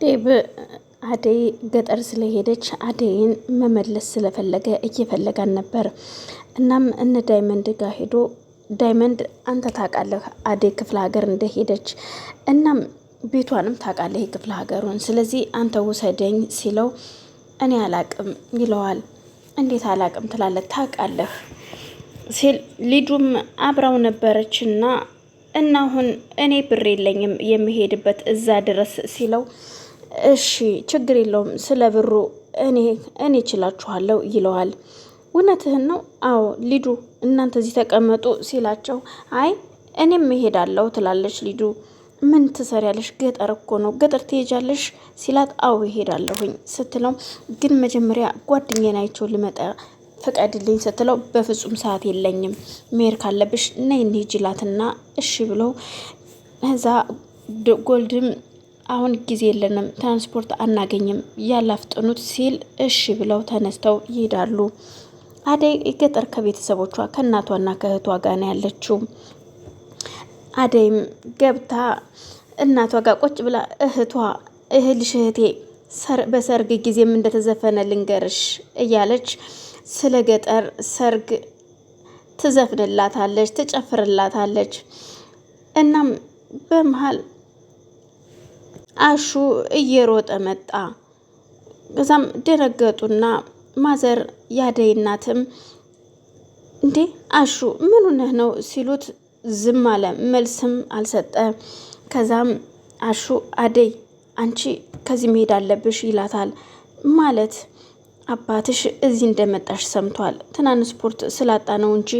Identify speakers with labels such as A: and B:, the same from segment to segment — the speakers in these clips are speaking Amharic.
A: ዴብ አደይ ገጠር ስለሄደች አደይን መመለስ ስለፈለገ እየፈለጋን ነበር። እናም እነ ዳይመንድ ጋር ሄዶ ዳይመንድ አንተ ታውቃለህ አደይ ክፍለ ሀገር እንደሄደች እናም ቤቷንም ታውቃለህ የክፍለ ሀገሩን፣ ስለዚህ አንተ ውሰደኝ ሲለው እኔ አላቅም ይለዋል። እንዴት አላቅም ትላለህ ታውቃለህ ሲል ሊዱም አብራው ነበረችና እና አሁን እኔ ብር የለኝም የምሄድበት እዛ ድረስ ሲለው እሺ ችግር የለውም ስለ ብሩ እኔ እኔ እችላችኋለሁ ይለዋል። እውነትህን ነው? አዎ ሊዱ እናንተ እዚህ ተቀመጡ ሲላቸው አይ እኔም እሄዳለሁ ትላለች ሊዱ። ምን ትሰሪያለሽ? ገጠር እኮ ነው ገጠር ትሄጃለሽ ሲላት አዎ እሄዳለሁኝ ስትለው ግን መጀመሪያ ጓደኛዬን አይቼው ልመጣ ፍቀድልኝ ስትለው በፍጹም ሰዓት የለኝም መሄድ ካለብሽ ነይ እንሂጅ ይላትና እሺ ብለው እዛ ጎልድም አሁን ጊዜ የለንም፣ ትራንስፖርት አናገኝም፣ ያላፍጥኑት ሲል እሺ ብለው ተነስተው ይሄዳሉ። አደይ ገጠር ከቤተሰቦቿ ከእናቷና ከእህቷ ጋር ነው ያለችው። አደይም ገብታ እናቷ ጋር ቁጭ ብላ እህቷ እህልሽ እህቴ በሰርግ ጊዜም እንደተዘፈነ ልንገርሽ እያለች ስለ ገጠር ሰርግ ትዘፍንላታለች፣ ትጨፍርላታለች። እናም በመሀል አሹ እየሮጠ መጣ። ከዛም ደነገጡና ማዘር ያደይ እናትም እንዴ አሹ ምን ሆነህ ነው ሲሉት ዝም አለ፣ መልስም አልሰጠ። ከዛም አሹ አደይ አንቺ ከዚህ መሄድ አለብሽ ይላታል። ማለት አባትሽ እዚህ እንደመጣሽ ሰምቷል። ትናንት ስፖርት ስላጣ ነው እንጂ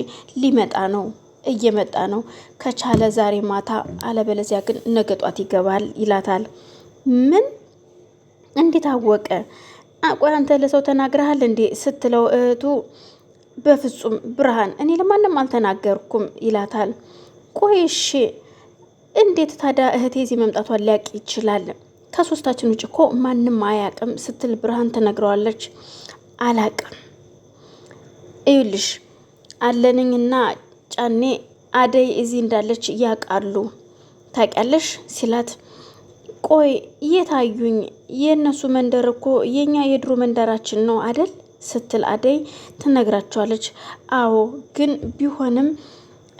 A: ሊመጣ ነው እየመጣ ነው፣ ከቻለ ዛሬ ማታ አለበለዚያ ግን ነገ ጧት ይገባል ይላታል። ምን እንዴት አወቀ? ቆይ አንተ ለሰው ተናግረሃል እንዴ ስትለው እህቱ በፍጹም ብርሃን፣ እኔ ለማንም አልተናገርኩም ይላታል። ቆይ እሺ እንዴት ታዲያ እህቴ እዚህ መምጣቷን ሊያውቅ ይችላል? ከሶስታችን ውጭ እኮ ማንም አያውቅም ስትል ብርሃን ትነግረዋለች። አላውቅም፣ እዩልሽ አለንኝና ጫኔ አደይ እዚህ እንዳለች ያውቃሉ ታውቂያለሽ ሲላት ቆይ የታዩኝ የእነሱ መንደር እኮ የእኛ የድሮ መንደራችን ነው አደል ስትል አደይ ትነግራቸዋለች። አዎ ግን ቢሆንም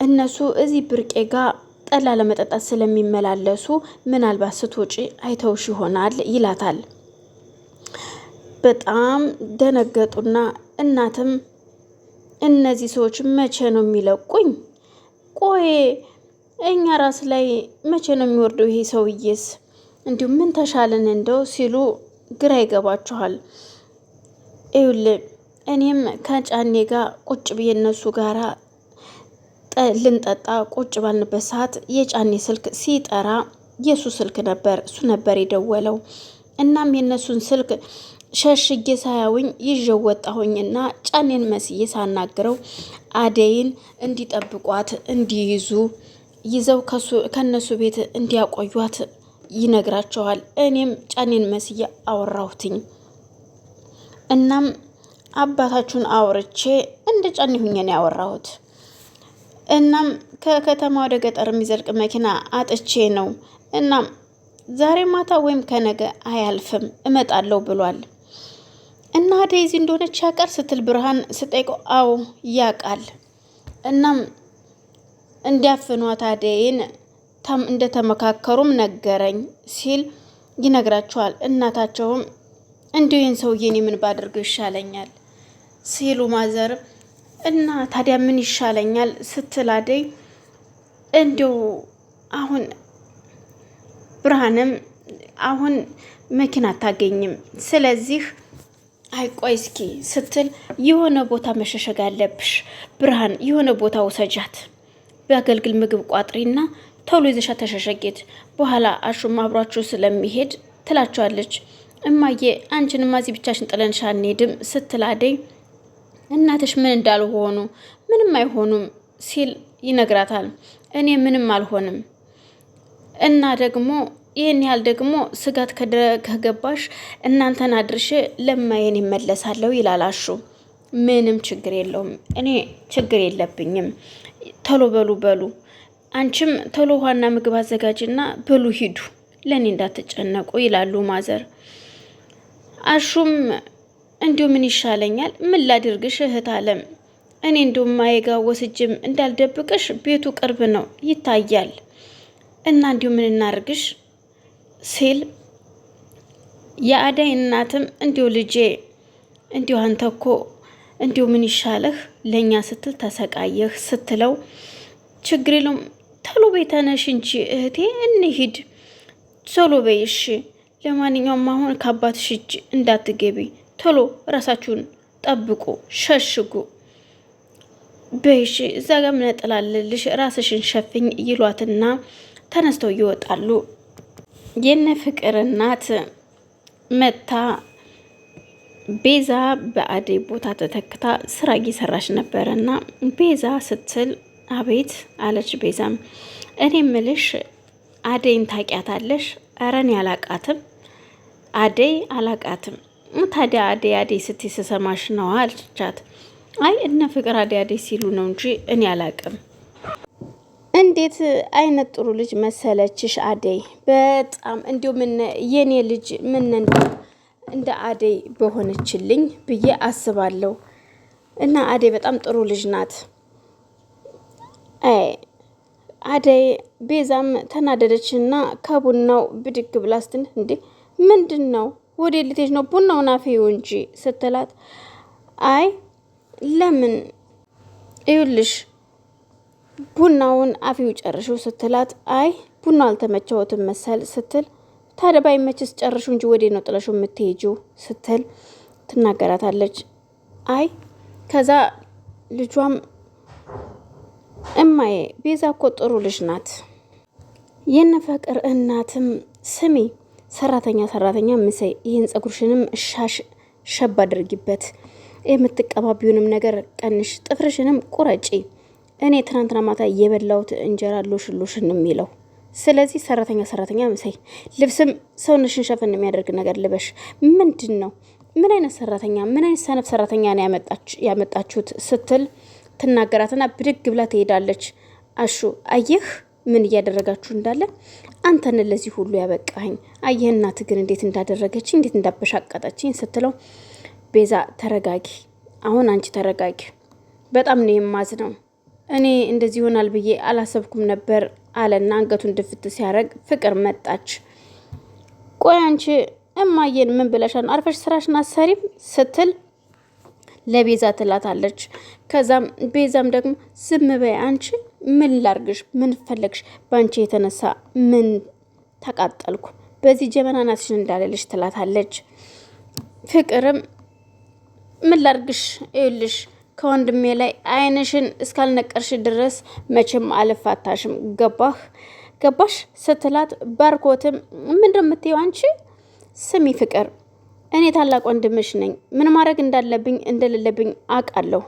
A: እነሱ እዚህ ብርቄ ጋር ጠላ ለመጠጣት ስለሚመላለሱ ምናልባት ስትወጪ አይተውሽ ይሆናል ይላታል። በጣም ደነገጡና እናትም እነዚህ ሰዎች መቼ ነው የሚለቁኝ? ቆይ እኛ ራስ ላይ መቼ ነው የሚወርደው ይሄ ሰውዬስ? እንዲሁም ምን ተሻለን እንደው ሲሉ ግራ ይገባችኋል። ይውል እኔም ከጫኔ ጋር ቁጭ ብዬ እነሱ ጋራ ልንጠጣ ቁጭ ባልንበት ሰዓት የጫኔ ስልክ ሲጠራ የእሱ ስልክ ነበር። እሱ ነበር የደወለው። እናም የእነሱን ስልክ ሸሽጌ ሳያውኝ ይዤው ወጣሁኝና ጫኔን መስዬ ሳናግረው አደይን እንዲጠብቋት እንዲይዙ ይዘው ከነሱ ቤት እንዲያቆዩት ይነግራቸዋል። እኔም ጫኔን መስዬ አወራሁትኝ። እናም አባታችሁን አውርቼ እንደ ጫኔ ሁኜ ነው ያወራሁት። እናም ከከተማ ወደ ገጠር የሚዘልቅ መኪና አጥቼ ነው። እናም ዛሬ ማታ ወይም ከነገ አያልፍም እመጣለሁ ብሏል። እና ዴዚ እንደሆነች ያውቃል ስትል ብርሃን ስጠይቀው አዎ ያውቃል። እናም እንዲያፍኗት አደይን እንደተመካከሩም ነገረኝ ሲል ይነግራቸዋል። እናታቸውም እንዲሁ ይህን ሰውዬን ምን ባደርገው ይሻለኛል ሲሉ ማዘርም እና ታዲያ ምን ይሻለኛል ስትል አደይ እንዲሁ አሁን ብርሃንም አሁን መኪና አታገኝም ስለዚህ አይቆይ እስኪ ስትል የሆነ ቦታ መሸሸግ አለብሽ ብርሃን፣ የሆነ ቦታ ውሰጃት በአገልግል ምግብ ቋጥሪና ቶሎ ይዘሻ ተሸሸጌት በኋላ አሹም አብሯችሁ ስለሚሄድ ትላቸዋለች። እማዬ አንቺንማ እዚህ ብቻሽን ጥለንሽ አንሄድም ስትል አደይ እናትሽ ምን እንዳልሆኑ ምንም አይሆኑም ሲል ይነግራታል። እኔ ምንም አልሆንም እና ደግሞ ይህን ያህል ደግሞ ስጋት ከገባሽ እናንተን አድርሼ ለማየን ይመለሳለሁ ይላላሹ። ምንም ችግር የለውም፣ እኔ ችግር የለብኝም። ቶሎ በሉ በሉ፣ አንቺም ቶሎ ውሃና ምግብ አዘጋጅና በሉ ሂዱ፣ ለእኔ እንዳትጨነቁ ይላሉ ማዘር። አሹም እንዲሁ ምን ይሻለኛል፣ ምን ላድርግሽ እህት አለም። እኔ እንዲሁም ማየጋ ወስጅም እንዳልደብቅሽ ቤቱ ቅርብ ነው ይታያል እና እንዲሁ ምን እናርግሽ ሲል የአዳይ እናትም እንዲሁ ልጄ እንዲሁ አንተ እኮ እንዲሁ ምን ይሻለህ ለእኛ ስትል ተሰቃየህ ስትለው ችግር የለውም ቶሎ በይ ተነሽ እንጂ እህቴ እንሂድ ቶሎ በይ እሺ ለማንኛውም አሁን ከአባትሽ እጅ እንዳትገቢ ቶሎ ራሳችሁን ጠብቁ ሸሽጉ በይሽ እዛ ጋር ምነጥላልልሽ ራስሽን ሸፍኝ ይሏትና ተነስተው ይወጣሉ የነ ፍቅር እናት መታ ቤዛ በአደይ ቦታ ተተክታ ስራ እየሰራች ነበረ እና ቤዛ ስትል አቤት አለች። ቤዛም እኔ ምልሽ አደይን ታውቂያታለሽ? እረን ያላቃትም አደይ አላቃትም። ታዲያ አደይ አደይ ስትይ ስሰማሽ ነዋ አልቻት። አይ እነ ፍቅር አደይ አደይ ሲሉ ነው እንጂ እኔ አላቅም እንዴት አይነት ጥሩ ልጅ መሰለችሽ አደይ! በጣም እንዲሁ የኔ ልጅ ምን እንደ አደይ በሆነችልኝ ብዬ አስባለሁ። እና አደይ በጣም ጥሩ ልጅ ናት። አደይ ቤዛም ተናደደች እና ከቡናው ብድግ ብላ እንዴ ምንድን ነው ወደ ልቴጅ ነው ቡናው አፌው እንጂ ስትላት፣ አይ ለምን ይኸውልሽ ቡናውን አፊው ጨርሹ ስትላት አይ ቡና አልተመቸውትም መሰል ስትል ታዲያ ባይመችስ ጨርሹ እንጂ ወዴ ነው ጥለሹ የምትሄጂው ስትል ትናገራታለች። አይ ከዛ ልጇም እማዬ ቤዛ እኮ ጥሩ ልጅ ናት። የነፈቅር እናትም ስሚ ሰራተኛ ሰራተኛ ምሰይ፣ ይህን ጸጉርሽንም ሻሽ ሸብ አድርጊበት፣ የምትቀባቢውንም ነገር ቀንሽ፣ ጥፍርሽንም ቁረጪ እኔ ትናንትና ማታ የበላሁት እንጀራ ሎሽን ሎሽን የሚለው። ስለዚህ ሰራተኛ ሰራተኛ ምሳይ ልብስም ሰውነሽን ሸፈን የሚያደርግ ነገር ልበሽ። ምንድን ነው? ምን አይነት ሰራተኛ ምን አይነት ሰነፍ ሰራተኛ ነው ያመጣችሁት? ስትል ትናገራትና ብድግ ብላ ትሄዳለች። አሹ አየህ ምን እያደረጋችሁ እንዳለ አንተን ለዚህ ሁሉ ያበቃኝ። አየህ እናት ግን እንዴት እንዳደረገች እንዴት እንዳበሻቀጠችኝ ስትለው ቤዛ ተረጋጊ፣ አሁን አንቺ ተረጋጊ። በጣም ነው የማዝ ነው እኔ እንደዚህ ይሆናል ብዬ አላሰብኩም ነበር አለና አንገቱን ድፍት ሲያደርግ ፍቅር መጣች። ቆይ አንቺ እማዬን ምን ብለሻን አርፈሽ ስራሽን አሰሪም ስትል ለቤዛ ትላታለች። ከዛም ቤዛም ደግሞ ዝም በይ አንቺ ምን ላርግሽ? ምን ፈለግሽ? በአንቺ የተነሳ ምን ተቃጠልኩ? በዚህ ጀበና ናትሽን እንዳለልሽ ትላታለች። ፍቅርም ምን ላርግሽ? ይኸውልሽ ከወንድሜ ላይ አይንሽን እስካልነቀርሽ ድረስ መቼም አልፋታሽም። ገባህ ገባሽ ስትላት ባርኮትም ምንድን የምትይው አንቺ? ስሚ ፍቅር፣ እኔ ታላቅ ወንድምሽ ነኝ። ምን ማድረግ እንዳለብኝ እንደሌለብኝ አውቃለሁ።